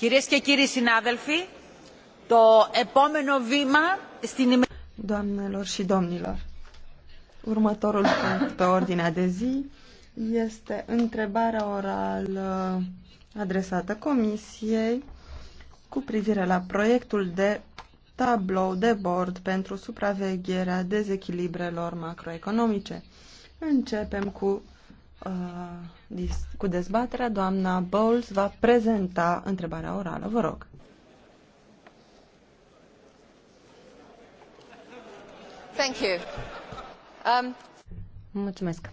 Κυρίες και κύριοι συνάδελφοι, το επόμενο βήμα στην Doamnelor și domnilor, următorul punct pe ordinea de zi este întrebarea orală adresată Comisiei cu privire la proiectul de tablou de bord pentru supravegherea dezechilibrelor macroeconomice. Începem cu Uh, cu dezbaterea. Doamna Bowles va prezenta întrebarea orală. Vă rog. Thank you. Um... Mulțumesc.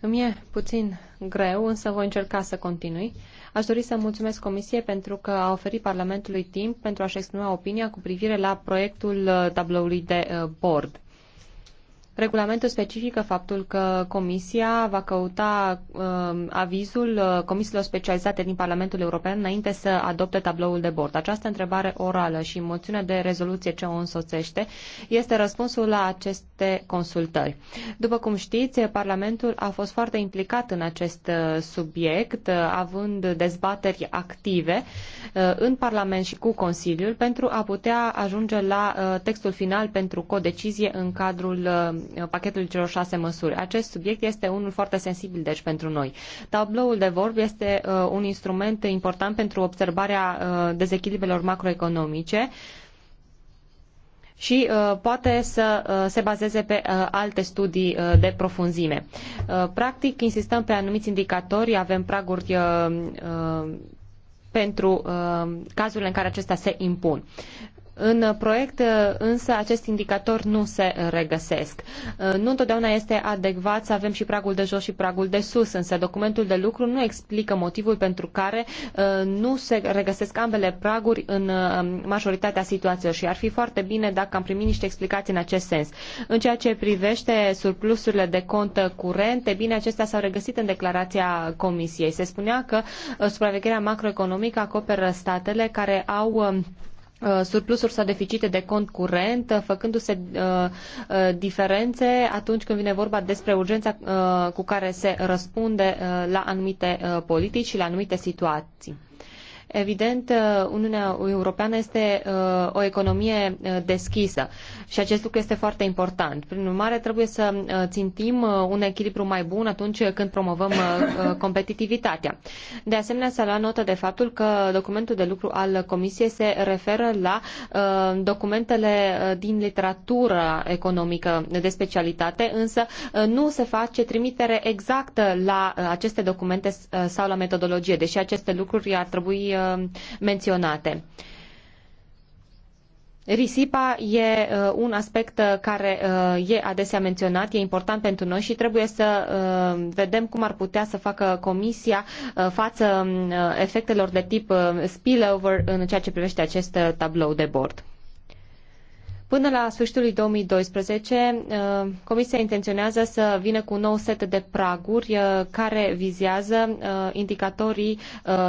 Îmi e puțin greu, însă voi încerca să continui. Aș dori să mulțumesc Comisiei pentru că a oferit Parlamentului timp pentru a-și exprima opinia cu privire la proiectul uh, tabloului de uh, bord. Regulamentul specifică faptul că Comisia va căuta um, uh, avizul comisiilor specializate din Parlamentul European înainte să adopte tabloul de bord. Această întrebare orală și moțiunea de rezoluție ce o însoțește este răspunsul la aceste consultări. După cum știți, Parlamentul a fost foarte implicat în acest uh, subiect, uh, având dezbateri active uh, în Parlament și cu Consiliul pentru a putea ajunge la uh, textul final pentru codecizie în cadrul uh, Uh, pachetul celor șase măsuri. Acest subiect este unul foarte sensibil, deci, pentru noi. Tabloul de vorb este uh, un instrument important pentru observarea uh, dezechilibrelor macroeconomice și uh, poate să uh, se bazeze pe uh, alte studii de profunzime. practic, insistăm pe anumiți indicatori, avem praguri pentru cazurile în care acestea se impun. În proiect însă acest indicator nu se regăsesc. Uh, nu întotdeauna este adecvat să avem și pragul de jos și pragul de sus, însă documentul de lucru nu explică motivul pentru care uh, nu se regăsesc ambele praguri în uh, majoritatea situațiilor și ar fi foarte bine dacă am primit niște explicații în acest sens. În ceea ce privește surplusurile de cont curente, bine, acestea s-au regăsit în declarația Comisiei. Se spunea că supravegherea macroeconomică acoperă statele care au um, Uh, surplusuri sau deficite de cont curent, uh, făcându-se uh, diferențe atunci când vine vorba despre urgența cu care se răspunde la anumite politici și la anumite situații. Evident, uh, Uniunea Europeană este uh, o economie uh, deschisă și acest lucru este foarte important. Prin urmare, trebuie să țintim un echilibru mai bun atunci când promovăm competitivitatea. De asemenea, s-a luat notă de faptul că documentul de lucru al Comisiei se referă la documentele din literatura economică de specialitate, însă nu se face trimitere exactă la aceste documente sau la metodologie, deși aceste lucruri ar trebui Uh, menționate. Risipa e uh, un aspect uh, care e adesea menționat, e important pentru noi și trebuie să vedem cum ar putea să facă comisia față efectelor de tip spillover în ceea ce privește acest tablou de bord. Până la sfârșitul lui 2012, uh, Comisia intenționează să vină cu un nou set de praguri uh, care vizează uh, indicatorii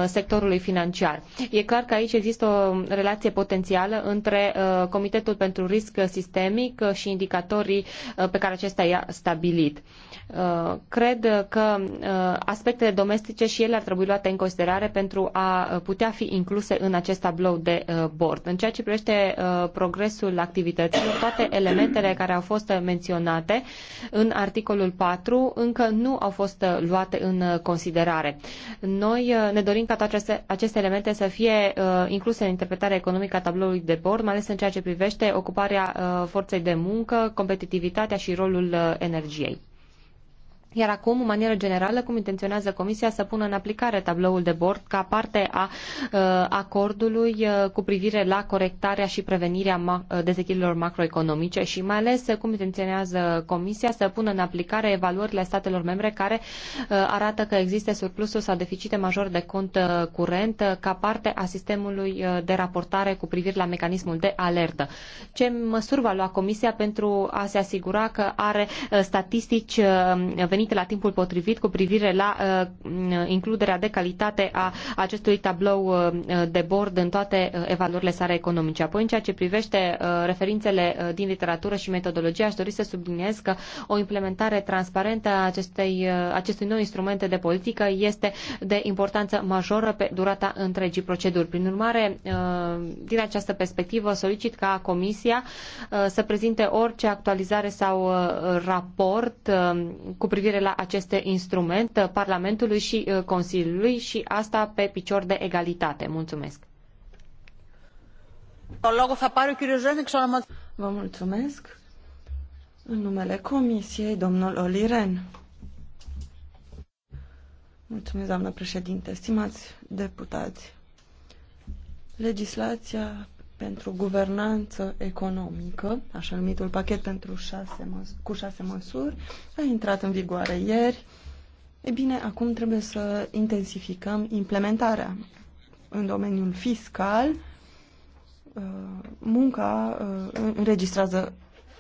sectorului financiar. E clar că aici există o relație potențială între Comitetul pentru Risc Sistemic și indicatorii pe care acesta i-a stabilit. Cred că aspectele domestice și ele ar trebui luate în considerare pentru a putea fi incluse în acest tablou de bord. În ceea ce privește progresul activității, activităților, toate elementele care au fost menționate în articolul 4 încă nu au fost luate în considerare. Noi uh, ne dorim ca toate aceste, elemente să fie uh, incluse în interpretarea economică a tabloului de bord, mai ales în ceea ce privește ocuparea uh, forței de muncă, competitivitatea și rolul energiei. Iar acum, în manieră generală, cum intenționează Comisia să pună în aplicare tabloul de bord ca parte a uh, acordului uh, cu privire la corectarea și prevenirea ma- uh, dezechilibrilor macroeconomice și mai ales uh, cum intenționează Comisia să pună în aplicare evaluările statelor membre care uh, arată că există surplusul sau deficite majore de cont uh, curent uh, ca parte a sistemului uh, de raportare cu privire la mecanismul de alertă. Ce măsuri va lua Comisia pentru a se asigura că are uh, statistici uh, venite la timpul potrivit cu privire la uh, includerea de calitate a acestui tablou uh, de bord în toate uh, evaluările sale economice. Apoi, în ceea ce privește referințele din literatură și metodologie, aș dori să subliniez că o implementare transparentă a acestei, acestui nou instrument de politică este de importanță majoră pe durata întregii proceduri. Prin urmare, din această perspectivă, solicit ca Comisia să prezinte orice actualizare sau raport cu privire privire la aceste instrument Parlamentului și uh, Consiliului și asta pe picior de egalitate. Mulțumesc. Vă mulțumesc. În numele Comisiei, domnul Oliren. Mulțumesc, doamnă președinte. Stimați deputați, legislația pentru guvernanță economică, așa numitul pachet pentru șase cu șase măsuri, a intrat în vigoare ieri. E bine, acum trebuie să intensificăm implementarea în domeniul fiscal. Uh, munca uh, înregistrează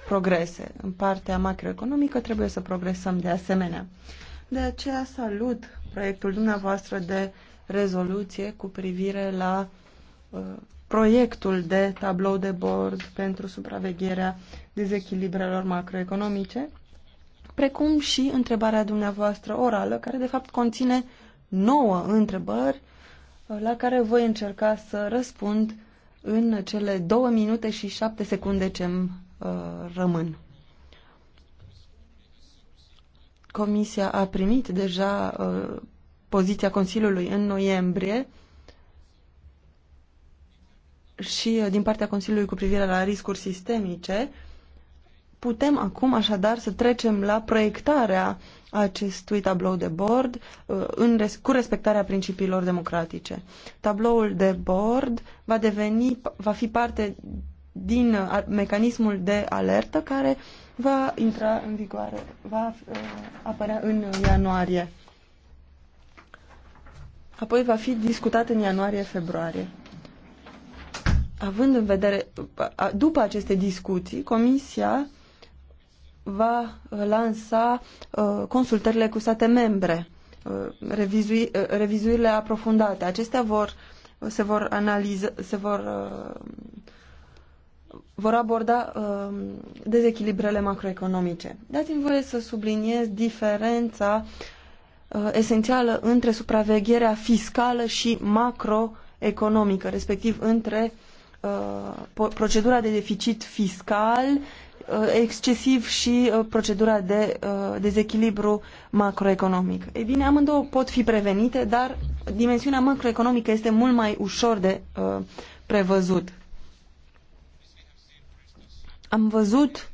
progrese. În partea macroeconomică trebuie să progresăm de asemenea. De aceea salut proiectul dumneavoastră de rezoluție cu privire la uh, proiectul de tablou de bord pentru supravegherea dezechilibrelor macroeconomice, precum și întrebarea dumneavoastră orală, care de fapt conține nouă întrebări uh, la care voi încerca să răspund în cele două minute și șapte secunde ce îmi uh, rămân. Comisia a primit deja uh, poziția Consiliului în noiembrie și uh, din partea Consiliului cu privire la riscuri sistemice, putem acum așadar să trecem la proiectarea acestui tablou de bord uh, în res cu respectarea principiilor democratice. Tabloul de bord va, deveni, va fi parte din uh, mecanismul de alertă care va intra în vigoare, va apărea în ianuarie. Apoi va fi discutat în ianuarie-februarie având în vedere, după aceste discuții, Comisia va lansa uh, consultările cu state membre, uh, revizui, uh, revizuirile aprofundate. Acestea vor, se vor analiza, se vor, vor aborda dezechilibrele macroeconomice. Dați-mi voie să subliniez diferența esențială între supravegherea fiscală și macroeconomică, respectiv între uh, Uh, procedura de deficit fiscal uh, excesiv și uh, procedura de dezechilibru macroeconomic. Ei bine, amândouă pot fi prevenite, dar dimensiunea macroeconomică este mult mai ușor de prevăzut. Am văzut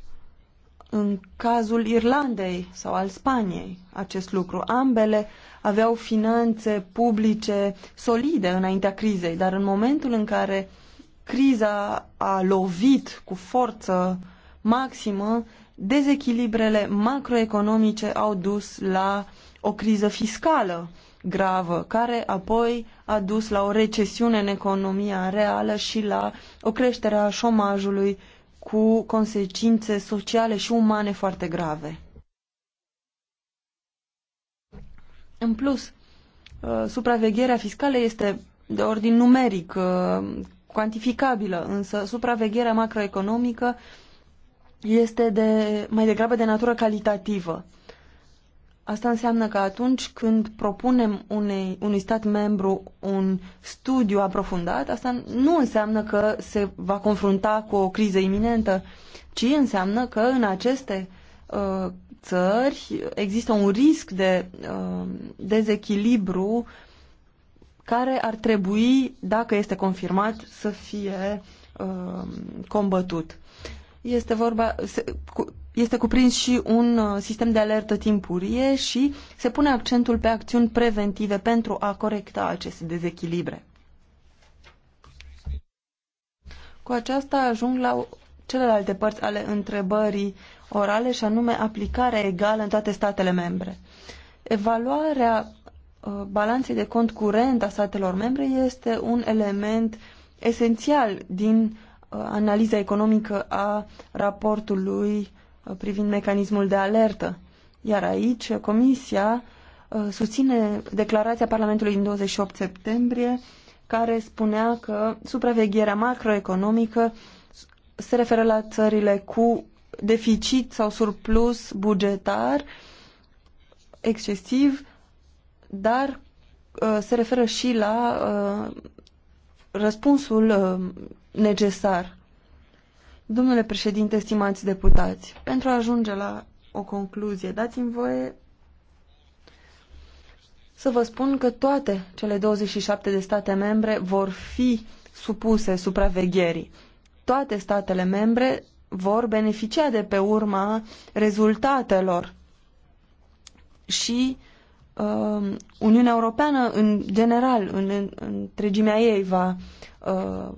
în cazul Irlandei sau al Spaniei acest lucru. Ambele aveau finanțe publice solide înaintea crizei, dar în momentul în care uh, criza a lovit cu forță maximă, dezechilibrele macroeconomice au dus la o criză fiscală gravă, care apoi a dus la o recesiune în economia reală și la o creștere a șomajului cu consecințe sociale și umane foarte grave. În plus, uh, supravegherea fiscală este de ordin numeric uh, cuantificabilă, însă supravegherea macroeconomică este de, mai degrabă de natură calitativă. Asta înseamnă că atunci când propunem unei, unui stat membru un studiu aprofundat, asta nu înseamnă că se va confrunta cu o criză iminentă, ci înseamnă că în aceste uh, țări există un risc de uh, dezechilibru care ar trebui, dacă este confirmat, să fie uh, combătut. Este vorba, se, cu, este cuprins și un uh, sistem de alertă timpurie și se pune accentul pe acțiuni preventive pentru a corecta aceste dezechilibre. Cu aceasta ajung la celelalte părți ale întrebării orale și anume aplicarea egală în toate statele membre. Evaluarea balanței de cont curent a statelor membre este un element esențial din uh, analiza economică a raportului uh, privind mecanismul de alertă. Iar aici uh, Comisia susține declarația Parlamentului din 28 septembrie care spunea că supravegherea macroeconomică se referă la țările cu deficit sau surplus bugetar excesiv dar uh, se referă și la uh, răspunsul uh, necesar. Domnule președinte, stimați deputați, pentru a ajunge la o concluzie, dați-mi voie să vă spun că toate cele 27 de state membre vor fi supuse supravegherii. Toate statele membre vor beneficia de pe urma rezultatelor și uh, Uh, Uniunea Europeană în general, în, întregimea ei, va, uh,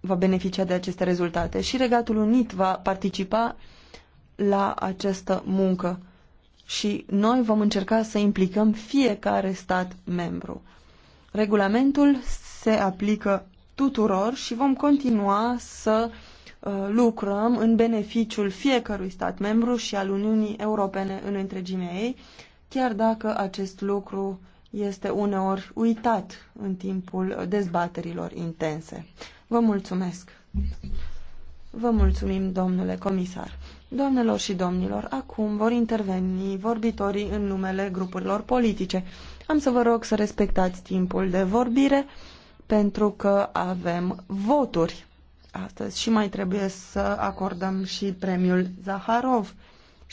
va beneficia de aceste rezultate și Regatul Unit va participa la această muncă și noi vom încerca să implicăm fiecare stat membru. Regulamentul se aplică tuturor și vom continua să uh, lucrăm în beneficiul fiecărui stat membru și al Uniunii Europene în întregimea ei chiar dacă acest lucru este uneori uitat în timpul dezbaterilor intense. Vă mulțumesc! Vă mulțumim, domnule comisar. Doamnelor și domnilor, acum vor interveni vorbitorii în numele grupurilor politice. Am să vă rog să respectați timpul de vorbire, pentru că avem voturi astăzi și mai trebuie să acordăm și premiul Zaharov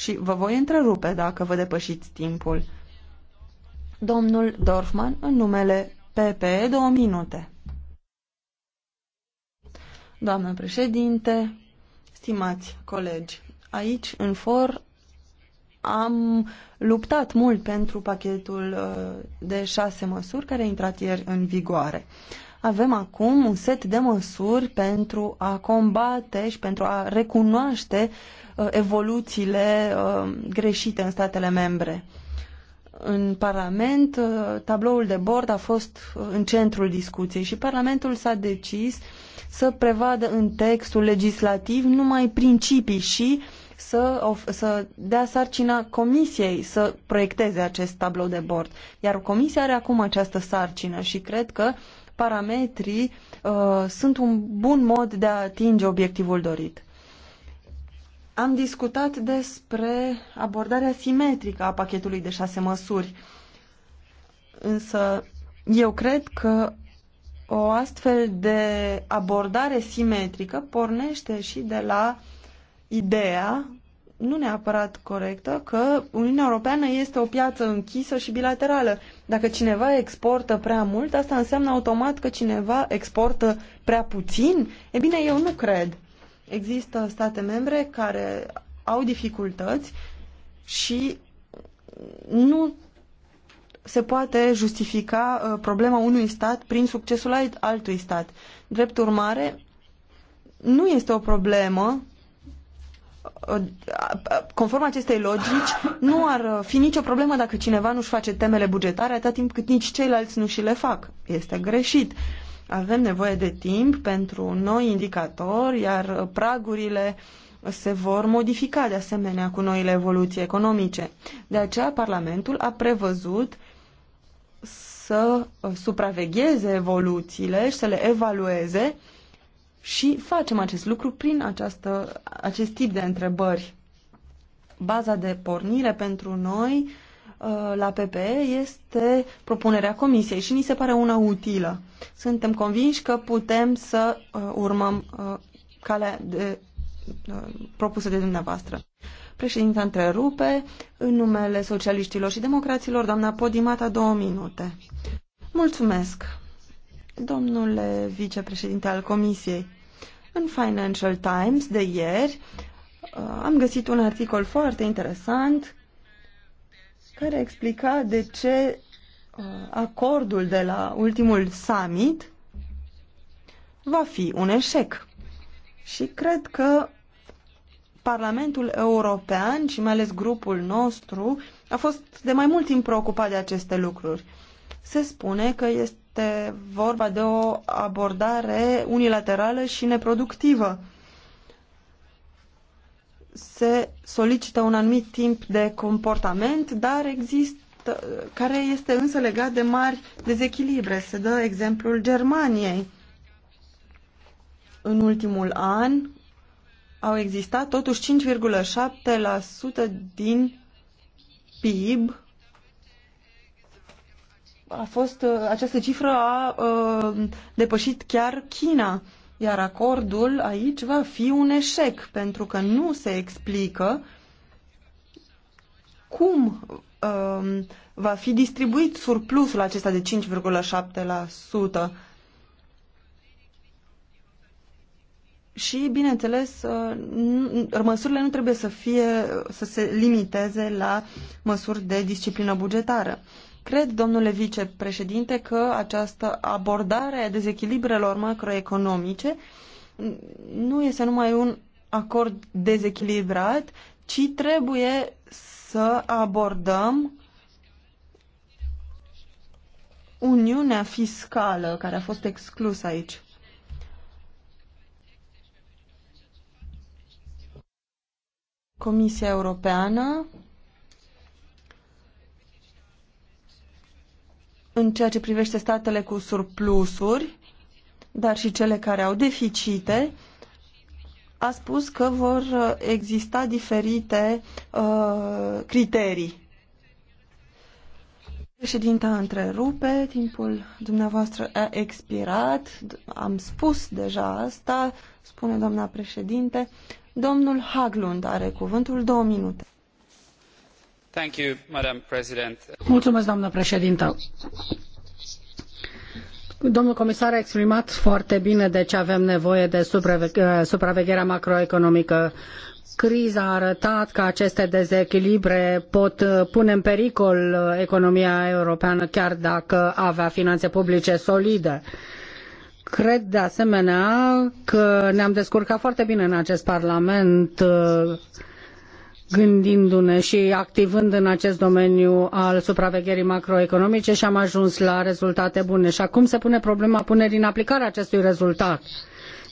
și vă voi întrerupe dacă vă depășiți timpul. Domnul Dorfman, în numele PP, două minute. Doamnă președinte, stimați colegi, aici, în for, am luptat mult pentru pachetul uh, de șase măsuri care a intrat ieri în vigoare. Uh, avem acum un set de măsuri pentru a combate și pentru a recunoaște uh, evoluțiile uh, greșite în statele membre. În Parlament, uh, tabloul de bord a fost în centrul discuției și Parlamentul s-a decis să prevadă în textul legislativ numai principii și să, să dea sarcina comisiei să proiecteze acest tablou de bord. Iar comisia are acum această sarcină și cred că parametrii uh, sunt un bun mod de a atinge obiectivul dorit. Am discutat despre abordarea simetrică a pachetului de șase măsuri, însă eu cred că o astfel de abordare simetrică pornește și de la ideea nu neapărat corectă că Uniunea Europeană este o piață închisă și bilaterală. Dacă cineva exportă prea mult, asta înseamnă automat că cineva exportă prea puțin? E bine, eu nu cred. Există state membre care au dificultăți și nu se poate justifica uh, problema unui stat prin succesul altui stat. Drept urmare, nu este o problemă conform acestei logici, nu ar fi nicio problemă dacă cineva nu-și face temele bugetare atât timp cât nici ceilalți nu și le fac. Este greșit. Avem nevoie de timp pentru noi indicatori, iar pragurile se vor modifica de asemenea cu noile evoluții economice. De aceea Parlamentul a prevăzut să supravegheze evoluțiile și să le evalueze și facem acest lucru prin această, acest tip de întrebări. Baza de pornire pentru noi uh, la PPE este propunerea Comisiei și ni se pare una utilă. Suntem convinși că putem să uh, urmăm uh, calea de, propusă de dumneavoastră. Președinta întrerupe în numele socialiștilor și democraților, doamna Podimata, două minute. Mulțumesc! Domnule vicepreședinte al Comisiei, în Financial Times de ieri uh, am găsit un articol foarte interesant care explica de ce uh, acordul de la ultimul summit va fi un eșec. Și cred că Parlamentul European și mai ales grupul nostru a fost de mai mult timp preocupat de aceste lucruri. Se spune că este este vorba de o abordare unilaterală și neproductivă. Se solicită un anumit timp de comportament, dar există care este însă legat de mari dezechilibre. Se dă exemplul Germaniei. În ultimul an au existat totuși 5,7% din PIB a fost, uh, această cifră a uh, depășit chiar China, iar acordul aici va fi un eșec, pentru că nu se explică cum uh, va fi distribuit surplusul acesta de 5,7%. Și, bineînțeles, măsurile nu trebuie să, fie, să se limiteze la măsuri de disciplină bugetară. Cred, domnule vicepreședinte, că această abordare a dezechilibrelor macroeconomice nu este numai un acord dezechilibrat, ci trebuie să abordăm Uniunea fiscală care a fost exclusă aici. Comisia Europeană în ceea ce privește statele cu surplusuri, dar și cele care au deficite, a spus că vor exista diferite uh, criterii. Președinta întrerupe, timpul dumneavoastră a expirat, am spus deja asta, spune doamna președinte. Domnul Haglund are cuvântul două minute. Mulțumesc, doamnă președintă. Domnul comisar a exprimat foarte bine de ce avem nevoie de eh, supravegherea macroeconomică. Criza a arătat că aceste dezechilibre pot eh, pune în pericol eh, economia europeană chiar dacă avea finanțe publice solide. Cred de asemenea că ne-am descurcat foarte bine în acest Parlament uh, gândindu-ne și activând în acest domeniu al supravegherii macroeconomice și am ajuns la rezultate bune. Și acum se pune problema punerii în aplicare acestui rezultat.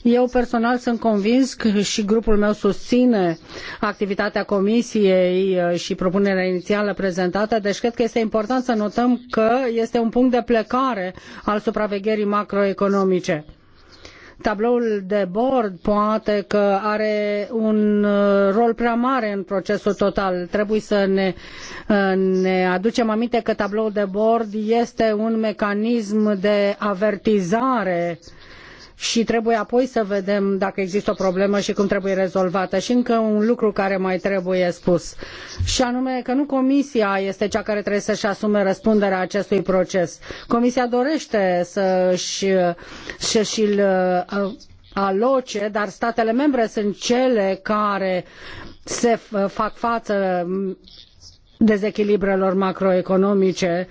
Eu personal sunt convins că și grupul meu susține activitatea comisiei uh, și propunerea inițială prezentată, deci cred că este important să notăm că este un punct de plecare al supravegherii macroeconomice tabloul de bord poate că are un uh, rol prea mare în procesul total. Trebuie să ne, uh, ne aducem aminte că tabloul de bord este un mecanism de avertizare uh, și trebuie apoi să vedem dacă există o problemă și cum trebuie rezolvată. Și încă un lucru care mai trebuie spus, și anume că nu Comisia este cea care trebuie să-și asume răspunderea acestui proces. Comisia dorește să-și să și-l uh, aloce, dar statele membre sunt cele care se fac față mm, dezechilibrelor macroeconomice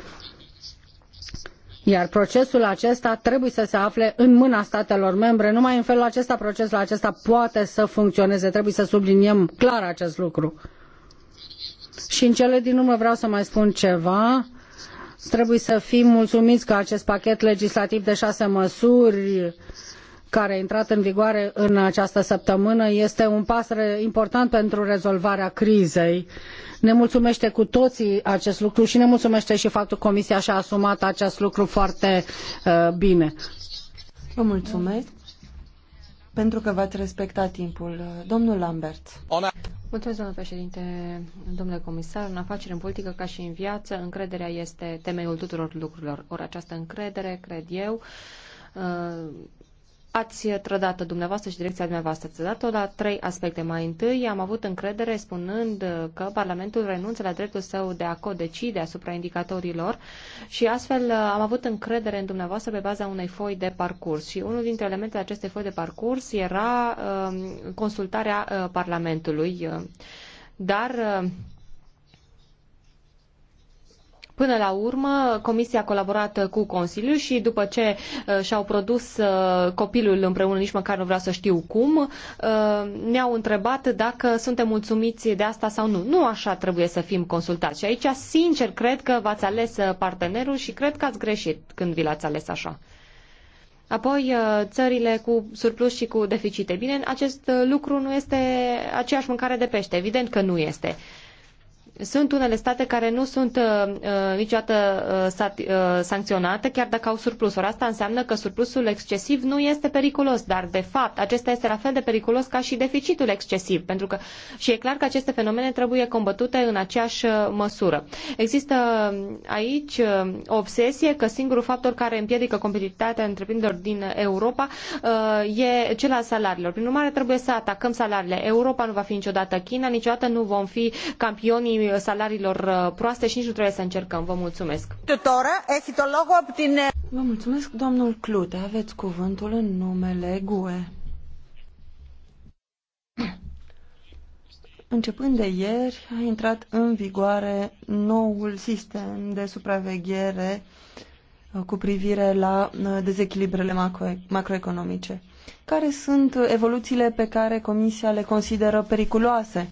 iar procesul acesta trebuie să se afle în mâna statelor membre. Numai în felul acesta procesul acesta poate să funcționeze. Trebuie să subliniem clar acest lucru. Și în cele din urmă vreau să mai spun ceva. Trebuie să fim mulțumiți că acest pachet legislativ de șase măsuri care a intrat în vigoare în această săptămână este un pas important pentru rezolvarea crizei. Ne mulțumește cu toții acest lucru și ne mulțumește și faptul că Comisia și-a asumat acest lucru foarte uh, bine. Vă mulțumesc pentru că v-ați respectat timpul. Domnul Lambert. Mulțumesc, domnule președinte, domnule comisar. În afaceri, în politică, ca și în viață, încrederea este temeiul tuturor lucrurilor. Ori această încredere, cred eu, uh, ați trădat dumneavoastră și direcția dumneavoastră ați dat o la trei aspecte. Mai întâi, am avut încredere spunând că Parlamentul renunță la dreptul său de a codecide asupra indicatorilor și astfel uh, am avut încredere în dumneavoastră pe baza unei foi de parcurs. Și unul dintre elementele acestei foi de parcurs era uh, consultarea uh, Parlamentului. Uh, dar uh, Până la urmă, Comisia a colaborat cu Consiliul și după ce uh, și-au produs uh, copilul împreună, nici măcar nu vreau să știu cum, uh, ne-au întrebat dacă suntem mulțumiți de asta sau nu. Nu așa trebuie să fim consultați. Și aici, sincer, cred că v-ați ales partenerul și cred că ați greșit când vi l-ați ales așa. Apoi, țările cu surplus și cu deficite. Bine, acest lucru nu este aceeași mâncare de pește. Evident că nu este. Sunt unele state care nu sunt uh, uh niciodată uh, uh, sancționate, chiar dacă au surplusuri. Asta înseamnă că surplusul excesiv nu este periculos, dar de fapt acesta este la fel de periculos ca și deficitul excesiv, pentru că și e clar că aceste fenomene trebuie combătute în aceeași uh, măsură. Există uh, aici uh, o obsesie că singurul factor care împiedică competitivitatea întreprinderilor din Europa uh, e cel al salariilor. Prin urmare, trebuie să atacăm salariile. Europa nu va fi niciodată China, niciodată nu vom fi campionii salariilor uh, proaste și nici nu trebuie să încercăm. Vă mulțumesc. Vă mulțumesc, domnul Clute. Aveți cuvântul în numele GUE. Începând de ieri, a intrat în vigoare noul sistem de supraveghere uh, cu privire la uh, dezechilibrele macro macroeconomice. Care sunt evoluțiile pe care Comisia le consideră periculoase?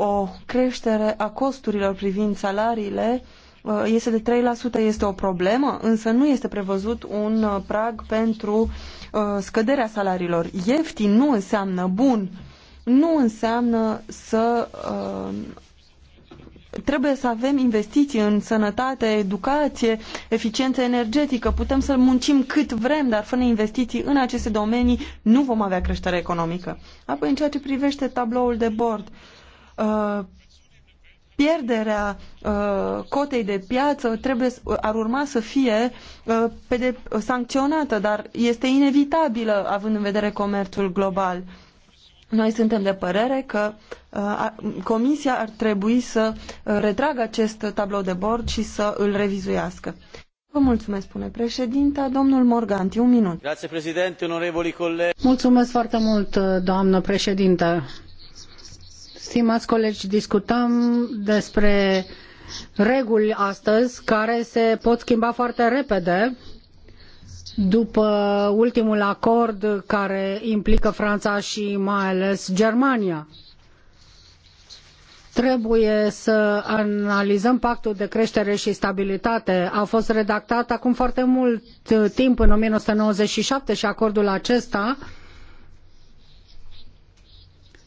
o creștere a costurilor privind salariile uh, este de 3%, este o problemă, însă nu este prevăzut un uh, prag pentru uh, scăderea salariilor. Ieftin nu înseamnă bun, nu înseamnă să... Trebuie să avem investiții în sănătate, educație, eficiență energetică. Putem să muncim cât vrem, dar fără investiții în aceste domenii nu vom avea creștere economică. Apoi, în ceea ce privește tabloul de bord, uh, Uh, pierderea uh, cotei de piață trebuie ar urma să fie uh, sancționată, dar este inevitabilă având în vedere comerțul global. Noi suntem de părere că uh, Comisia ar trebui să uh, retragă acest tablou de bord și să îl revizuiască. Vă mulțumesc, spune președinta. Domnul Morganti, un minut. președinte, onorevoli colegi. Mulțumesc foarte mult, doamnă președintă. Stimați colegi, discutăm despre reguli astăzi care se pot schimba foarte repede după ultimul acord care implică Franța și mai ales Germania. Trebuie să analizăm pactul de creștere și stabilitate. A fost redactat acum foarte mult timp, în 1997, și acordul acesta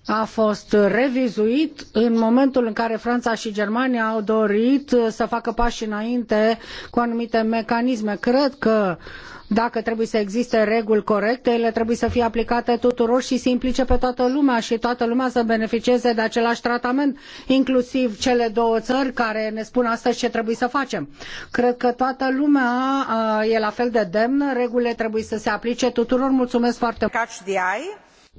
a fost revizuit în momentul în care Franța și Germania au dorit să facă pași înainte cu anumite mecanisme. Cred că dacă trebuie să existe reguli corecte, ele trebuie să fie aplicate tuturor și să implice pe toată lumea și toată lumea să beneficieze de același tratament, inclusiv cele două țări care ne spun astăzi ce trebuie să facem. Cred că toată lumea e la fel de demnă, regulile trebuie să se aplice tuturor. Mulțumesc foarte mult!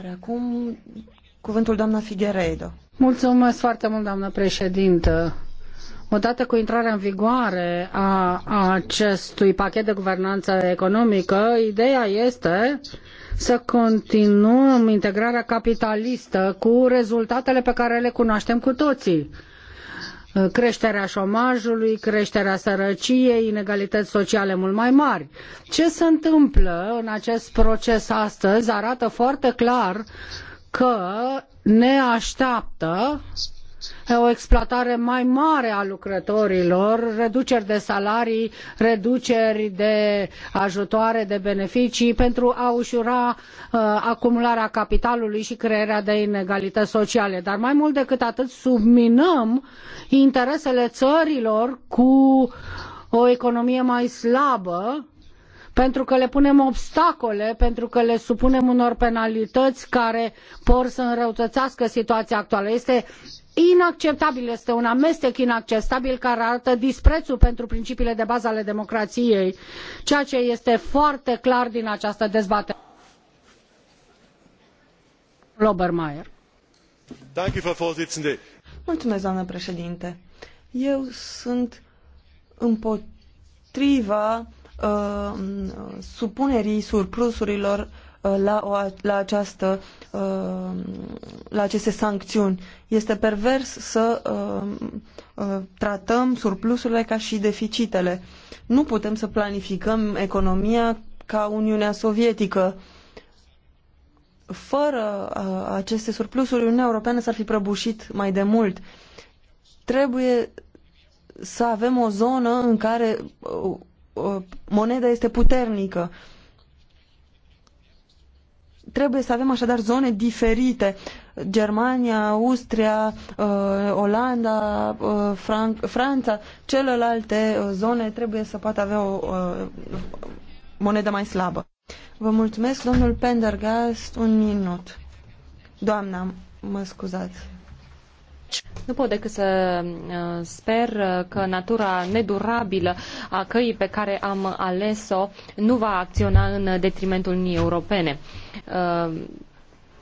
Are acum cuvântul doamna Figueredo. Mulțumesc foarte mult, doamnă președintă. Odată cu intrarea în vigoare a acestui pachet de guvernanță economică, ideea este să continuăm integrarea capitalistă cu rezultatele pe care le cunoaștem cu toții Uh, creșterea șomajului, creșterea sărăciei, inegalități sociale mult mai mari. Ce se întâmplă în acest proces astăzi arată foarte clar că ne așteaptă o exploatare mai mare a lucrătorilor, reduceri de salarii, reduceri de ajutoare, de beneficii pentru a ușura uh, acumularea capitalului și crearea de inegalități sociale. Dar mai mult decât atât subminăm interesele țărilor cu o economie mai slabă, pentru că le punem obstacole, pentru că le supunem unor penalități care por să înrăutățească situația actuală. Este inacceptabil, este un amestec inacceptabil care arată disprețul pentru principiile de bază ale democrației, ceea ce este foarte clar din această dezbatere. Lobermeier. Mulțumesc, doamnă președinte. Eu sunt împotriva uh, supunerii surplusurilor la, o, la, această, uh, la aceste sancțiuni. Este pervers să uh, uh, tratăm surplusurile ca și deficitele. Nu putem să planificăm economia ca Uniunea Sovietică. Fără aceste surplusuri, Uniunea Europeană s-ar fi prăbușit mai de mult. Trebuie să avem o zonă în care moneda este puternică Trebuie să avem așadar zone diferite. Germania, Austria, uh, Olanda, uh, Fran- Franța, celelalte uh, zone trebuie să poată avea o monedă mai slabă. Vă mulțumesc, domnul Pendergast, un minut. Doamna, mă scuzați. Nu pot decât să uh, sper uh, că natura nedurabilă a căii pe care am ales-o nu va acționa în detrimentul Uniunii Europene. Uh,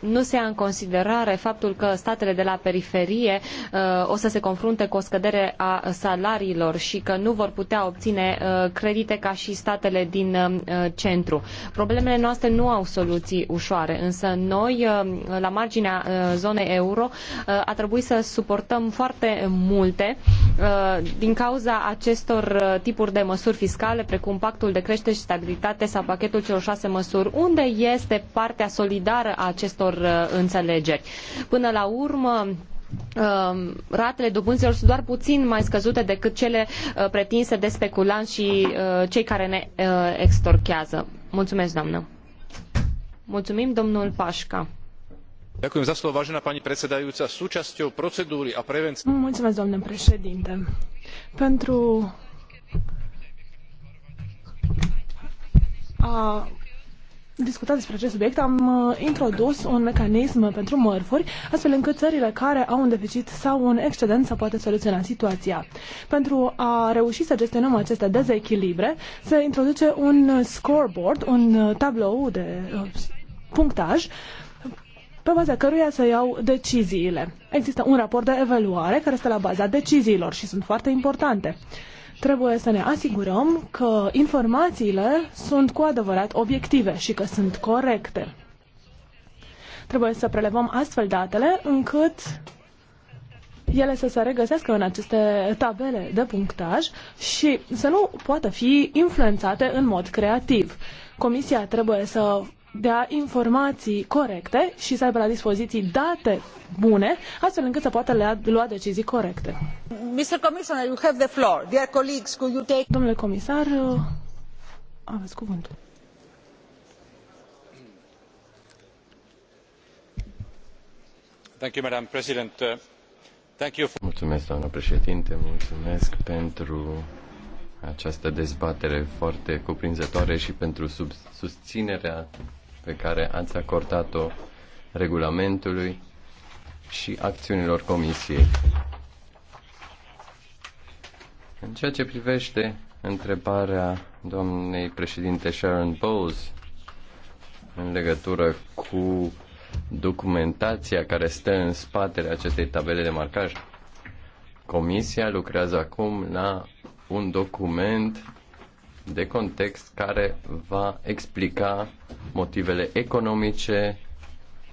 nu se ia în considerare faptul că statele de la periferie uh, o să se confrunte cu o scădere a salariilor și că nu vor putea obține uh, credite ca și statele din uh, centru. Problemele noastre nu au soluții ușoare, însă noi, la marginea zonei euro, a trebuit să suportăm foarte multe Uh, din cauza acestor uh, tipuri de măsuri fiscale, precum pactul de creștere și stabilitate sau pachetul celor șase măsuri, unde este partea solidară a acestor uh, înțelegeri. Până la urmă, ratele dobânzilor sunt doar puțin mai scăzute decât cele pretinse de speculanți și cei care ne extorchează. Mulțumesc, doamnă. Mulțumim, domnul Pașca súčasťou procedúry a prevencie. pentru a discuta despre acest subiect, am uh, introdus un mecanism pentru mărfuri, astfel încât țările care au un deficit sau un excedent să poată soluționa situația. Pentru a reuși să gestionăm aceste dezechilibre, se introduce un scoreboard, un uh, tablou de uh, punctaj, pe baza căruia să iau deciziile. Există un raport de evaluare care stă la baza deciziilor și sunt foarte importante. Trebuie să ne asigurăm că informațiile sunt cu adevărat obiective și că sunt corecte. Trebuie să prelevăm astfel datele încât ele să se regăsească în aceste tabele de punctaj și să nu poată fi influențate în mod creativ. Comisia trebuie să dea informații corecte și să aibă la dispoziție date bune, astfel încât să poată lea, lua decizii corecte. Mr. Commissioner, you have the floor. Dear colleagues, could you take... Domnule comisar, aveți cuvântul. Thank you, Madam President. Uh, thank you for... Mulțumesc, doamnă președinte, mulțumesc pentru această dezbatere foarte cuprinzătoare și pentru sub, susținerea pe care ați acordat-o regulamentului și acțiunilor Comisiei. În ceea ce privește întrebarea doamnei președinte Sharon Bowles în legătură cu documentația care stă în spatele acestei tabele de marcaj, Comisia lucrează acum la un document de context care va explica motivele economice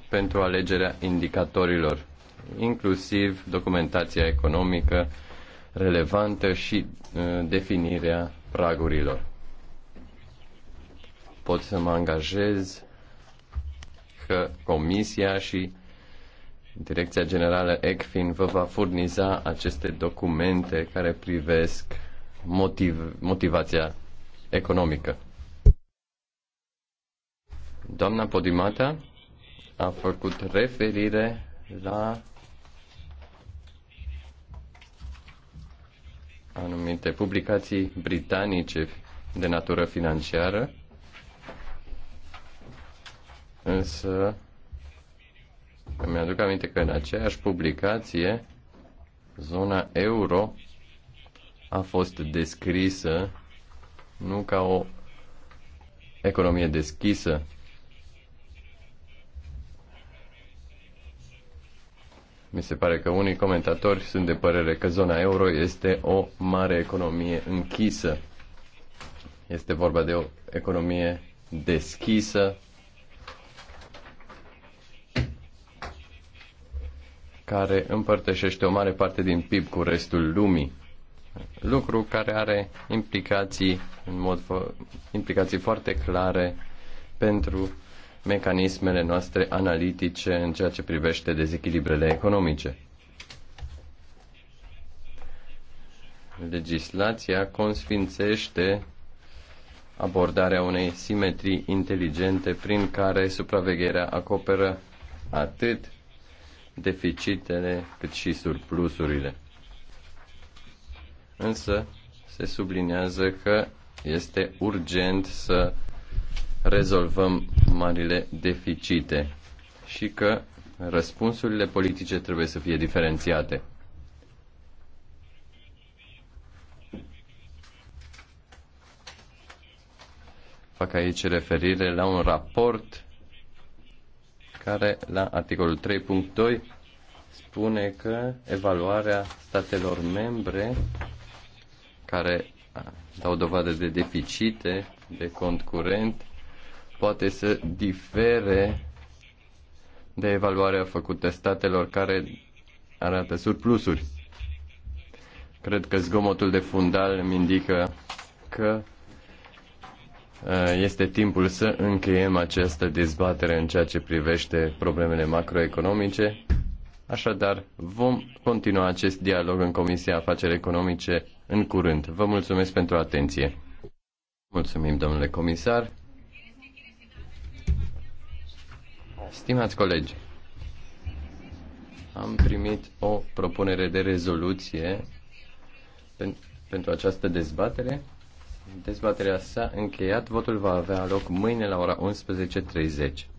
pentru alegerea indicatorilor, inclusiv documentația economică relevantă și uh, definirea pragurilor. Pot să mă angajez că Comisia și Direcția Generală ECFIN vă va furniza aceste documente care privesc motiv, motivația economică. Doamna Podimata a făcut referire la anumite publicații britanice de natură financiară, însă îmi aduc aminte că în aceeași publicație zona euro a fost descrisă nu ca o economie deschisă. Mi se pare că unii comentatori sunt de părere că zona euro este o mare economie închisă. Este vorba de o economie deschisă care împărtășește o mare parte din PIB cu restul lumii lucru care are implicații, în mod, implicații foarte clare pentru mecanismele noastre analitice în ceea ce privește dezechilibrele economice. Legislația consfințește abordarea unei simetrii inteligente prin care supravegherea acoperă atât deficitele cât și surplusurile însă se sublinează că este urgent să rezolvăm marile deficite și că răspunsurile politice trebuie să fie diferențiate. Fac aici referire la un raport care la articolul 3.2 spune că evaluarea statelor membre care dau dovadă de deficite, de cont curent, poate să difere de evaluarea făcută statelor care arată surplusuri. Cred că zgomotul de fundal îmi indică că este timpul să încheiem această dezbatere în ceea ce privește problemele macroeconomice. Așadar, vom continua acest dialog în Comisia Afaceri Economice în curând. Vă mulțumesc pentru atenție. Mulțumim, domnule comisar. Stimați colegi, am primit o propunere de rezoluție pen- pentru această dezbatere. Dezbaterea s-a încheiat. Votul va avea loc mâine la ora 11.30.